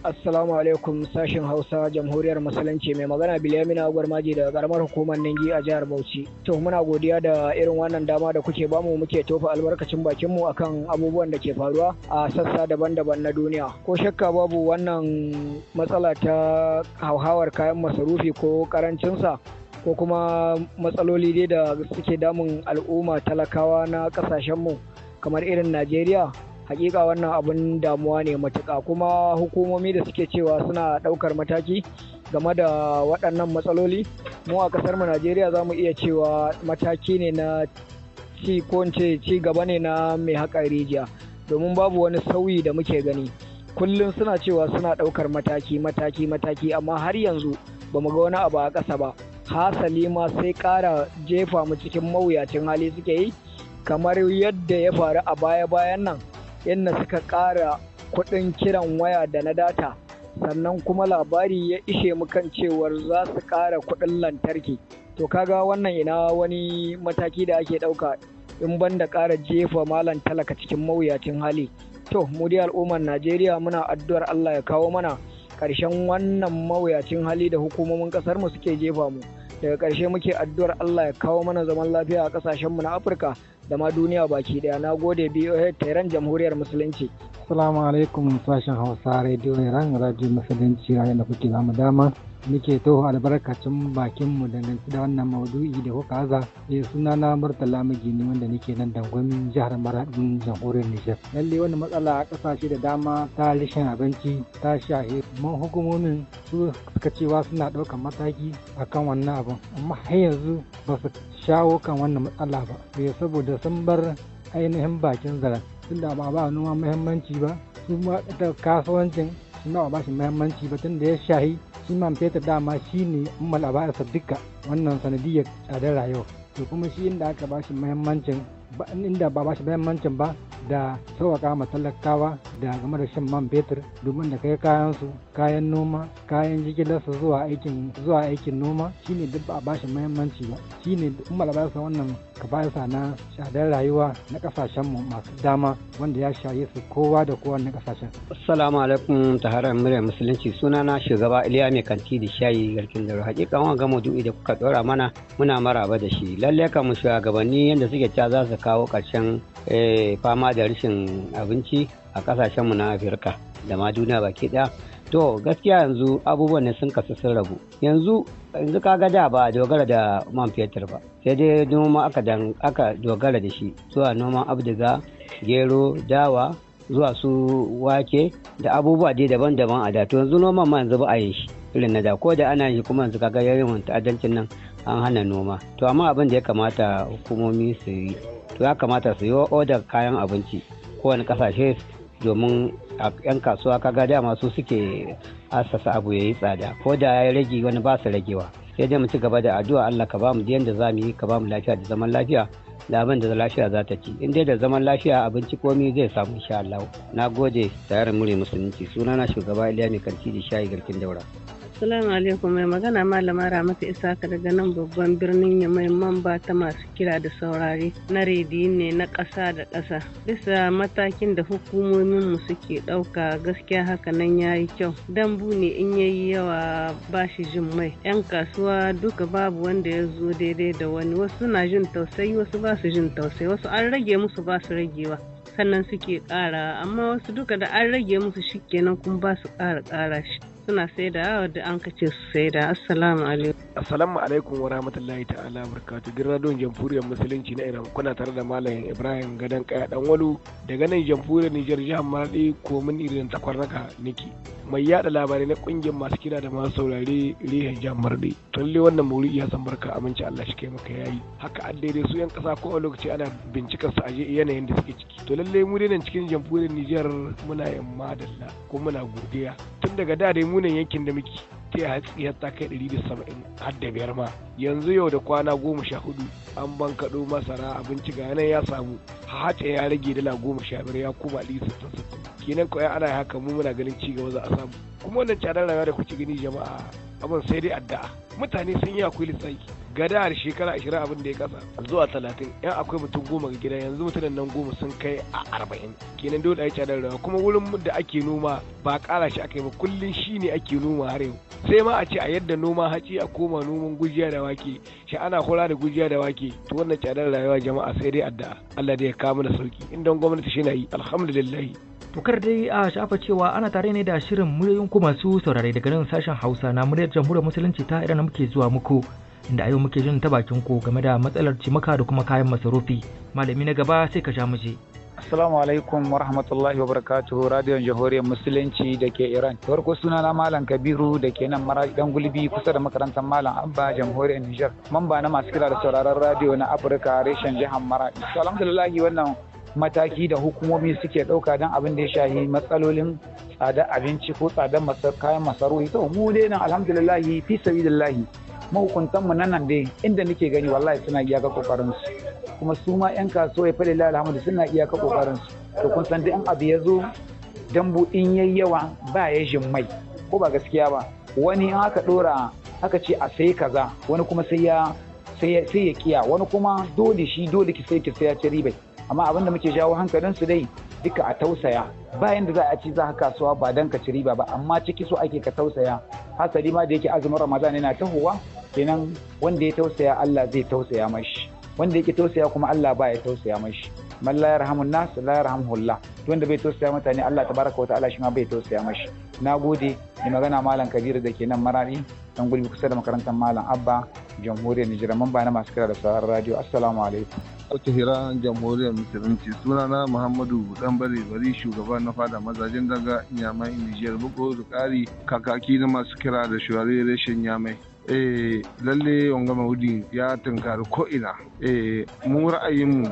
Assalamu alaikum sashen Hausa Jamhuriyar Musulunci mai magana bilyamina Agwar Maji daga karamar hukumar Ningi a jihar Bauchi. To muna godiya da irin wannan dama da kuke bamu muke tofa albarkacin bakin mu akan abubuwan da ke faruwa a sassa daban-daban na duniya. Ko shakka babu wannan matsala ta hauhawar kayan masarufi ko karancinsa ko kuma matsaloli dai da suke damun al'umma talakawa na kasashen mu kamar irin Najeriya hakika wannan abun damuwa ne matuka kuma hukumomi da suke cewa suna ɗaukar mataki game da waɗannan matsaloli mu a ƙasar mu najeriya za mu iya cewa mataki ne na ci ko ci gaba ne na mai haƙa rijiya domin babu wani sauyi da muke gani kullum suna cewa suna ɗaukar mataki mataki mataki amma har yanzu ba mu ga wani abu a ƙasa ba hasali ma sai ƙara jefa mu cikin mawuyacin hali suke yi kamar yadda ya faru a baya-bayan nan inda suka ƙara kuɗin kiran waya da na data sannan kuma labari ya ishe mu kan cewar za su ƙara kuɗin lantarki to kaga wannan ina wani mataki da ake ɗauka in ban da ƙara jefa malam talaka cikin mawuyacin hali to mu dai al'ummar najeriya muna addu'ar allah ya kawo mana ƙarshen wannan mawuyacin hali da hukumomin ƙasar mu suke jefa mu daga ƙarshe muke addu'ar Allah ya kawo mana zaman lafiya a ƙasashenmu na Afirka da ma duniya baki ɗaya na gode BOA Tehran Jamhuriyar Musulunci. Assalamu alaikum sashen Hausa Radio Iran Radio Musulunci ranar da kuke zama dama muke taho albarkacin bakinmu mu da wannan maudu'i da kuka haza eh, suna na murtala magini wanda nake nan dangon jihar maradin jamhuriyar nijar lalle wani matsala a kasashe da dama ta rashin abinci ta shahe man hukumomin su suka cewa suna ɗaukar mataki akan wannan abin amma har yanzu ba su shawo kan wannan matsala ba eh, saboda sun bar ainihin bakin zaren tunda ba ba noma muhimmanci ba su ma kasuwancin suna ba shi muhimmanci ba tunda ya shahi shi man fetur dama shi ne umar a ba'a sadduka wannan sanadiyar tsadar rayuwa to kuma shi inda aka bashi muhimmancin inda ba bashi muhimmancin ba da sauƙaƙa ma talakawa da game da shan man fetur domin da kai kayan su kayan noma kayan jigilarsa zuwa aikin zuwa aikin noma shine duk ba a bashi muhimmanci ba shine in ba sa wannan sa na shadar rayuwa na kasashen mu masu dama wanda ya shaye su kowa da kowa na kasashen assalamu alaikum tahara murya musulunci sunana shugaba iliya mai kanti da shayi garkin da hakika wani ga maudu'i da kuka dora mana muna maraba da shi lalle kan mu shugabanni yadda suke ta za su kawo ƙarshen eh, fama da rashin abinci a kasashenmu na afirka da ma duniya baki daya to gaskiya yanzu abubuwan ne sun kasa sun rabu yanzu yanzu kaga da ba dogara da man fetur ba sai dai noma aka dan aka dogara da shi zuwa noman abdiga gero dawa zuwa su wake da abubuwa dai daban-daban a da to yanzu noman ma yanzu ba a yi shi irin na da ko da ana yi kuma yanzu kaga yayin ta'addancin nan an hana noma to amma abin da ya kamata hukumomi su yi to ya kamata su yi odar kayan abinci kowane kasashe domin a yan kasuwa kaga dama masu suke asasa abu ya yi tsada ko da ya rage wani ba su ragewa sai dai mu ci gaba da addu'a Allah ka bamu yadda za mu yi ka bamu lafiya da zaman lafiya da abin da lafiya za ta ci in dai da zaman lafiya abinci komai zai samu insha Allah na gode tare muri musulunci sunana shugaba Iliya mai karki da shayi garkin daura Assalamu alaikum mai magana malama Ramatu Isaka daga nan babban birnin Yamai mamba ta masu kira da saurari na rediyo ne na ƙasa da ƙasa. Bisa matakin da hukumomin mu suke ɗauka gaskiya haka nan ya yi kyau. Dambu ne in ya yi yawa ba shi jin mai. 'Yan kasuwa duka babu wanda ya zo daidai da wani wasu suna jin tausayi wasu ba su jin tausayi wasu an rage musu ba su ragewa. sannan suke ƙara amma wasu duka da an rage musu shi kenan kuma ba su ƙara ƙara shi suna saida wadda an kace su saida assalamu alaikum assalamu alaikum wa rahmatullahi ta'ala barkatu gidan radon jamhuriyar musulunci na iran kuna tare da malam ibrahim gadan kaya dan walu daga nan jamhuriyar nijar jihar maradi komin irin takwarraka niki mai yada labarai na kungiyar masu kira da masu saurare rihan jihar maradi talle wannan maulidi ya san barka aminci allah shi kai maka yayi haka addai su yan kasa ko a lokaci ana bincikar su a yanayin da suke ciki to lalle mu dai nan cikin jamhuriyar nijar muna yamma dalla ko muna godiya tun daga da dai munan yankin da muke ta hatsi har ta kai 170 har da biyar ma yanzu yau da kwana goma sha hudu an ban kaɗo masara abinci ga nan ya samu hace ya rage dala goma sha biyar ya koma ɗari sittin sittin kenan kawai ana haka mu muna ganin cigaba za a samu kuma wannan tsadar rayuwa da kuke gani jama'a abin sai dai addu'a mutane sun yi akwai lissafi ga da shekara ashirin abin da ya kasa zuwa talatin yan akwai mutum goma ga gida yanzu mutanen nan goma sun kai a arba'in kenan dole a yi cadar rawa kuma wurin da ake noma ba ƙara shi aka yi ba kullum shi ne ake noma har yau sai ma a ce a yadda noma haci a koma noman gujiya da wake shi ana kula da gujiya da wake to wannan cadar rayuwa jama'a sai dai addu'a Allah da ya kawo mana sauki inda gwamnati shi na yi alhamdulillah tokar dai a shafa cewa ana tare ne da shirin muryoyin ku masu saurare daga nan sashen hausa na muryar jamhuriyar musulunci ta idan muke zuwa muku inda a yau muke jin ta bakin ku game da matsalar cimaka da kuma kayan masarufi malami na gaba sai ka sha muje. Assalamu alaikum wa rahmatullahi wa barakatuhu radiyon jamhuriyar musulunci da ke Iran. Farko suna na Malam Kabiru da ke nan dan gulbi kusa da makarantar Malam Abba jamhuriyar Nijar. Mamba na masu kira da sauraron radio na Afirka reshen jihar Mara. wannan mataki da hukumomi suke ɗauka don abin da ya shahi matsalolin tsadar abinci ko tsadar kayan masarori. to mu dai nan alhamdulillahi fi sabilillahi mahukuntanmu nan nan dai inda nake gani wallahi suna iyaka kokarin su kuma su ma yan kasuwa ya fadi alhamdu suna iyaka kokarin su to kun san duk abu ya zo dambu in yayi yawa ba ya jin mai ko ba gaskiya ba wani in aka dora aka ce a sai kaza wani kuma sai ya sai ya kiya wani kuma dole shi dole ki sai ki sai ya ci ribai amma da muke jawo hankalin su dai duka a tausaya bayan da za a ci za kasuwa ba dan ka ci riba ba amma ciki so ake ka tausaya hasali ma da yake azumin ramadan yana tahowa kenan wanda ya tausaya Allah zai tausaya mashi wanda yake tausaya kuma Allah ba ya tausaya mashi man la yarhamun nas la yarhamullah wanda bai tausaya mutane Allah tabaraka wa ta'ala shi ma bai tausaya mashi nagode ni magana malam Kabiru da ke nan marari dan gulbi kusa da makarantar malam Abba jamhuriyar Nijar mamba na masu kira da sauran radio assalamu alaikum ta hira jamhuriyar musulunci sunana Muhammadu Dambare Bari shugaba na fada mazajen daga yamai Nijar bugu da kari kakaki na masu kira da shurare rashin Nyamai. eh lalle wanga maudi ya tunkari ko'ina ra'ayin eh, mu ra'ayinmu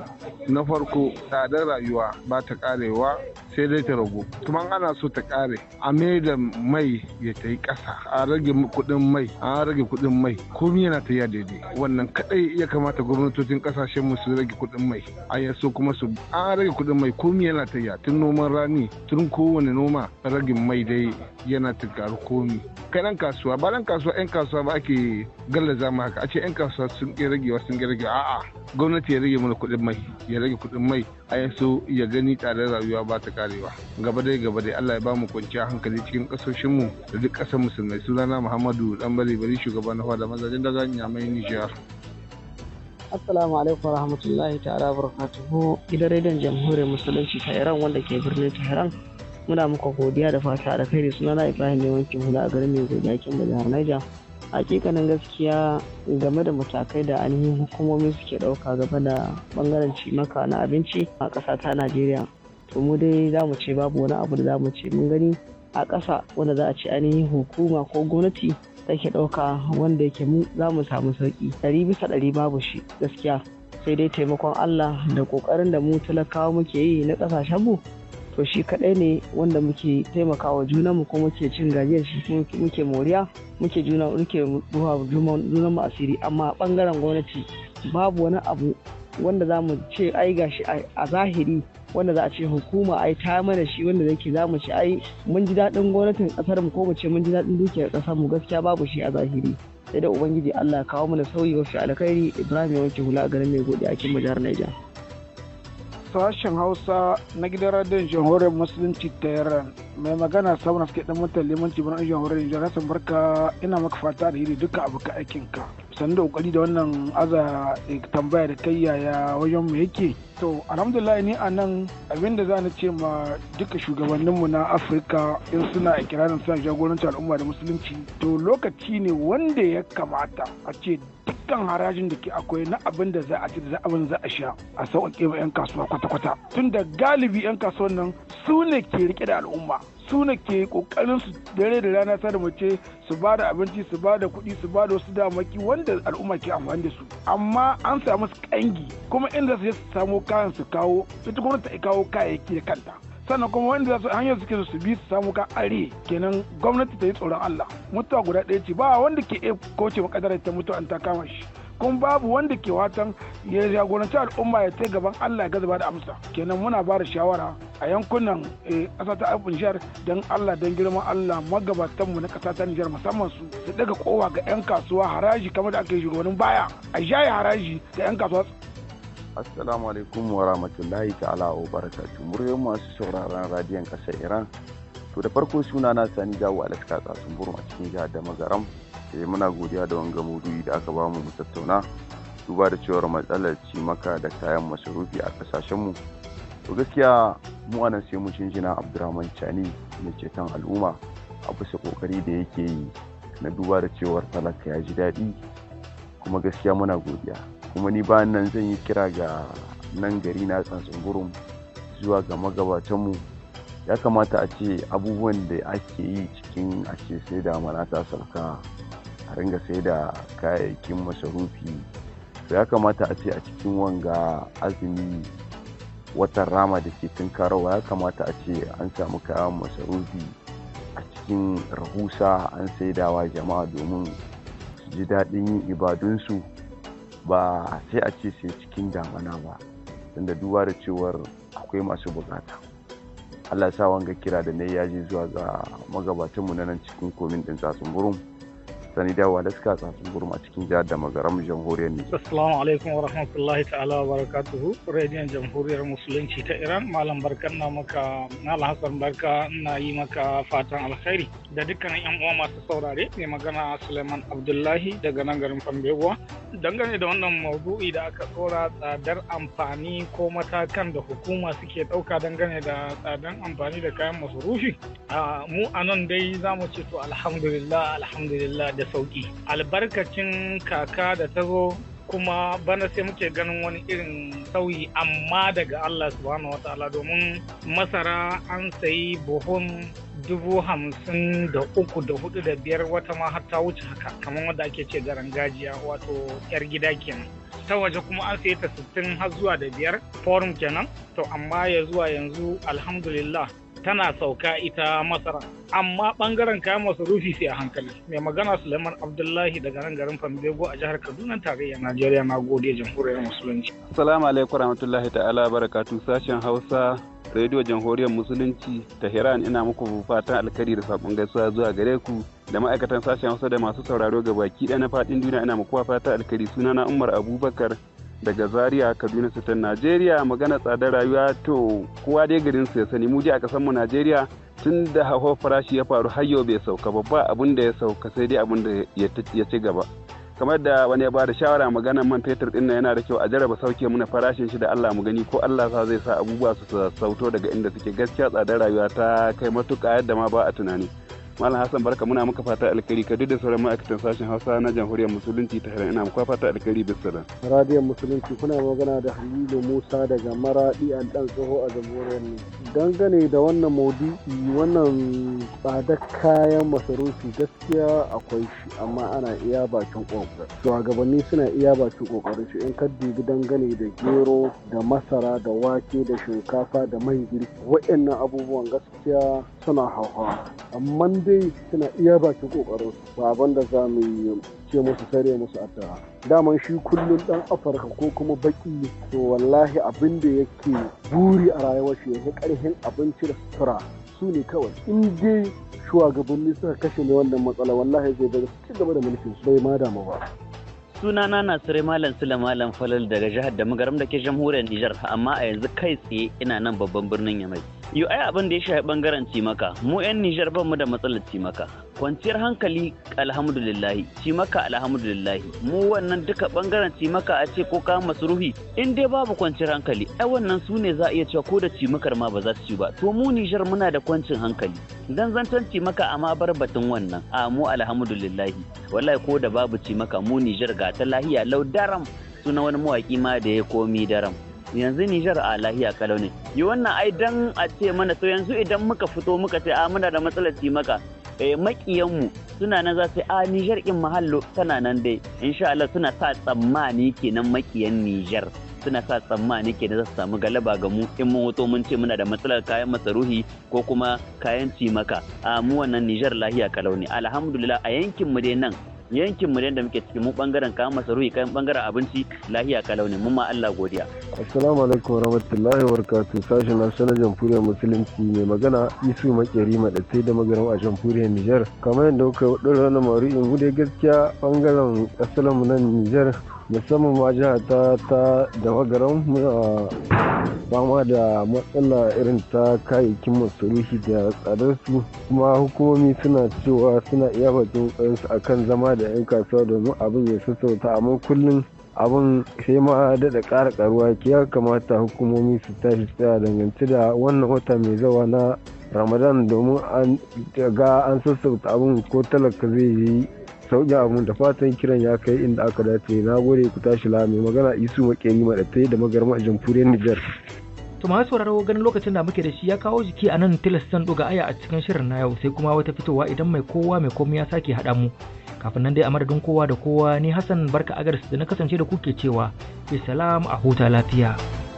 na farko tsadar rayuwa ba ta karewa sai dai ta ragu kuma ana so ta kare a da mai ya ta yi ƙasa a rage kuɗin mai a rage kuɗin mai komi yana ta ya daidai wannan kadai ya kamata gwamnatocin kasashen mu su rage kuɗin mai a yaso kuma su an rage kuɗin mai komi yana ta ya tun noman rani tun kowane noma ragin mai dai yana karu komi kai kasuwa ba kasuwa 'yan kasuwa ba ake gallaza mu haka a ce 'yan kasuwa sun ke ragewa sun ke ragewa a'a gwamnati ya rage mana kuɗin mai ya rage kuɗin mai a yanzu ya gani tsadar rayuwa ba ta karewa gaba dai gaba dai Allah ya ba mu kwanciya hankali cikin kasoshin mu da duk kasar musulmai sunana Muhammadu Dan Bari Bari shugaban na fada mazajen daga mai Nijar. Assalamu alaikum warahmatullahi ta'ala barakatuhu gidan rediyon jamhuriyar musulunci ta Iran wanda ke birnin Tehran muna muka godiya da fata da kai suna na Ibrahim ne wanke hula a garin mai godiya kin da jihar Niger hakikanin gaskiya game da matakai da ainihin hukumomi suke ɗauka game da bangaren cimaka na abinci a ƙasa ta najeriya to mu dai za mu ce babu wani abu da za mu ce mun gani a ƙasa wanda za a ce ainihin hukuma ko gwamnati take ɗauka wanda yake mu za mu samu sauƙi ɗari bisa ɗari babu shi gaskiya sai dai taimakon allah da ƙoƙarin da mu talakawa muke yi na ƙasashenmu to shi kaɗai ne wanda muke taimakawa juna mu kuma muke cin gajiyar shi muke moriya muke juna muke ruwa juna mu asiri amma bangaren gwamnati babu wani abu wanda za mu ce ai gashi a zahiri wanda za a ce hukuma ai ta mana shi wanda zai za mu ce ai mun ji daɗin gwamnatin ƙasar mu ko mu ce mun ji daɗin dukiyar ƙasar mu gaskiya babu shi a zahiri sai da ubangiji Allah ya kawo mana sauyi mafi alkhairi Ibrahim ya wanke hula a garin mai godiya a kin jihar Niger sashen hausa na gidan radiyon jamhuriyar musulunci ta yaran mai magana samun haske dan mutan liman tibirin jamhuriyar nijar hassan barka ina maka fata da hiri duka aikin ka sannu da kokari da wannan aza eh, tambaya da kai yaya wajen mu yake to alhamdulillah ni a nan abinda za ni ce ma duka shugabanninmu na afirka in suna ikirarin suna jagoranci al'umma da musulunci to lokaci ne wanda ya kamata a ce dukkan harajin da ke akwai na abin da za a ci da abin za a sha a sauƙaƙe wa 'yan kasuwa kwata-kwata tun da galibi 'yan kasuwan nan su ne ke rike da al'umma su ne ke kokarin su dare da rana ta da mace su ba da abinci su ba da kuɗi su ba da wasu damaki wanda al'umma ke amfani da su amma an samu su kangi kuma inda su je su samo kayan su kawo ita gwamnati ta kawo kayayyaki da kanta sannan kuma wanda za su hanyar suke su bi su samu ka are kenan gwamnati ta yi tsoron Allah mutuwa guda ɗaya ce ba wanda ke kauce makadarar ta mutu an ta kama shi kuma babu wanda ke watan ya jagoranci al'umma ya ta gaban Allah ya gaza ba da amsa kenan muna ba da shawara a yankunan eh, ƙasa ta afin jihar don Allah don girma Allah magabatanmu na ƙasa ta Nijar musamman su su daga kowa ga 'yan kasuwa haraji kamar da aka yi shugabannin baya a jaye haraji ga 'yan kasuwa assalamu alaikum wa rahmatullahi ta'ala wa barakatuh Muryar masu sauraron radiyon ƙasar iran to da farko suna na sani jawo alaska sun burma cikin jihar da magaram sai eh, muna godiya da wanga maudu'i da aka bamu mu tattauna duba da cewar matsalar cimaka da kayan masarufi a mu to gaskiya mu a nan sai mu jina abdurrahman chani mai ceton al'umma a bisa kokari da yake yi na duba da cewar talaka ya ji daɗi kuma gaskiya muna godiya kuma ni bayan nan zan yi kira ga nan gari na tsantsungurum zuwa ga magabatanmu ya kamata a ce abubuwan da ake yi cikin a ce sai da manata sauka a ringa sai da kayayyakin masarufi to ya kamata a ce a cikin wanga azumi watan rama da ke tunkararwa ya kamata a ce an samu kayan masarufi a cikin rahusa an sai wa jama'a domin ji daɗin yin ibadunsu ba sai a ce sai cikin damana ba tunda duba da cewar akwai masu bukata allah sa wanga kira da na yaji zuwa ga magabatanmu na nan cikin komin ɗin tsatsun burin sani dawa da suka tsatsun gurma cikin jihar da magaram jamhuriyar Nijar. Assalamu alaikum wa rahmatullahi ta'ala wa barakatuhu rediyon jamhuriyar musulunci ta Iran malam barkan na maka na Alhassan barka na yi maka fatan alkhairi da dukkan yan uwa masu saurare mai magana Suleiman Abdullahi daga nan garin Fambewa. dangane da wannan maudu'i da aka tsora tsadar amfani ko matakan da hukuma suke ɗauka dangane da tsadar amfani da kayan masarufi mu a nan dai za mu ce to alhamdulillah alhamdulillah da sauki albarkacin kaka da zo kuma bana sai muke ganin wani irin sauyi amma daga Allah subhanahu ta'ala domin masara an sayi buhun dubu hamsin da uku da hudu da biyar wata ma har ta wuce haka kamar wanda ake ce garin gajiya wato yar gida kenan ta waje kuma an sayi ta sittin har zuwa da biyar forum kenan to amma ya zuwa yanzu alhamdulillah tana sauka ita masara amma bangaren kayan masarufi sai a hankali mai magana suleiman abdullahi daga nan garin fambego a jihar kaduna tarayyar najeriya na gode jamhuriyar musulunci assalamu alaikum rahmatullahi ta'ala barakatu sashen hausa rediyo jamhuriyar musulunci tehran ina muku fatan alkhairi da sakon gaisuwa zuwa gare ku da ma'aikatan sashen hausa da masu sauraro ga baki ɗaya na faɗin duniya ina muku fatan alkhairi sunana umar abubakar daga Zaria Kaduna Sitan Najeriya magana tsadar rayuwa to kowa dai garin su ya sani mu a kasanmu Najeriya tun da hawa farashi ya faru har yau bai sauka ba ba abin da ya sauka sai dai abin da ya ci gaba kamar da wani ya ba da shawara maganar man fetur din yana da kyau a jaraba sauke muna farashin shi da Allah mu gani ko Allah sa zai sa abubuwa su sauto daga inda suke gaskiya tsadar rayuwa ta kai matuƙa yadda ma ba a tunani malam hassan barka muna maka fata alkari ka da sauran ma'aikatan sashen hausa na jamhuriyar musulunci ta hira ina maka fata alkari da radiyon musulunci kuna magana da halilu musa daga maradi an dan tsoho a jamhuriyar ne dangane da wannan maudu'i wannan tsadar kayan masarufi gaskiya akwai shi amma ana iya bakin kokarin shugabanni suna iya bakin kokarin shi in ka dubi dangane da gero da masara da wake da shinkafa da man girki wa'annan abubuwan gaskiya tana hauhawa amma dai suna iya baki kokarin ba abin da za mu yi ce musu sare musu addu'a daman shi kullum dan afirka ko kuma baki to wallahi abin da yake buri a rayuwar shi yake karhin abinci da sutura su ne kawai in dai shugabanni suka kashe ne wannan matsala wallahi zai daga ci gaba da mulkin su bai ma damu ba sunana na sire malam sule malam falal daga jihar da mugaram da ke jamhuriyar nijar amma a yanzu kai tsaye ina nan babban birnin yamai Yo ai abin da ya shafi bangaren cimaka, mu 'yan Nijar ban mu da matsalar cimaka. Kwanciyar hankali alhamdulillah cimaka alhamdulillah Mu wannan duka bangaren cimaka a ce ko kayan masruhi in dai babu kwanciyar hankali, ai wannan su ne za a iya cewa ko da cimakar ma ba za su ci ba. To mu Nijar muna da kwancin hankali. Dan zantan cimaka amma bar batun wannan, a mu alhamdulillah Wallahi ko da babu cimaka mu Nijar ga ta lahiya lau daram suna wani mawaki ma da ya komi daram. yanzu Nijar a lahiya kalau ne yi wannan ai dan a ce mana to yanzu idan muka fito muka ce a ah, muna da matsalar maka eh makiyanmu suna nan za su a ah, Nijar in mahallo tana nan dai insha Allah suna sa tsammani kenan makiyan Nijar suna sa tsammani kenan za su samu galaba ga mu in mun wato mun ce muna da matsalar kayan masaruhi ko kuma kayan cimaka a ah, mu wannan Nijar lahiya kalau ne alhamdulillah a yankin mu dai nan yankin mu da muke ciki mu bangaren ka masarufi kayan bangaren abinci lahiya kalauni ne mun ma Allah godiya assalamu alaikum warahmatullahi wabarakatuh sashen nasarar jamhuriyar musulunci mai magana isu makeri ma da magaram a jamhuriyar Nijar kamar yadda kuka dora wannan in gude gaskiya bangaren assalamu nan Nijar musamman ma jiha ta ta fama da matsala irin ta kayayyakin masarufi da tsadar su kuma hukumomi suna cewa suna iya bakin a kan zama da 'yan kasuwa domin abin ya sassauta amma kullum abin sai ma daɗa ƙara ƙaruwa ya kamata hukumomi su tashi tsaya dangance da wannan wata mai zawa na ramadan domin an ga an sassauta abin ko talaka zai yi sauƙi abun da fatan kiran ya kai inda aka dace na gode ku tashi lami magana isu makeri maɗatai da magarma a jamhuriyar Nijar. To ma sauraro ganin lokacin da muke da shi ya kawo jiki a nan tilastan ɗoga aya a cikin shirin na yau sai kuma wata fitowa idan mai kowa mai komai ya sake haɗa mu. Kafin nan dai a madadin kowa da kowa ni Hassan Barka Agaris da na kasance da kuke cewa, Fi salam a huta lafiya.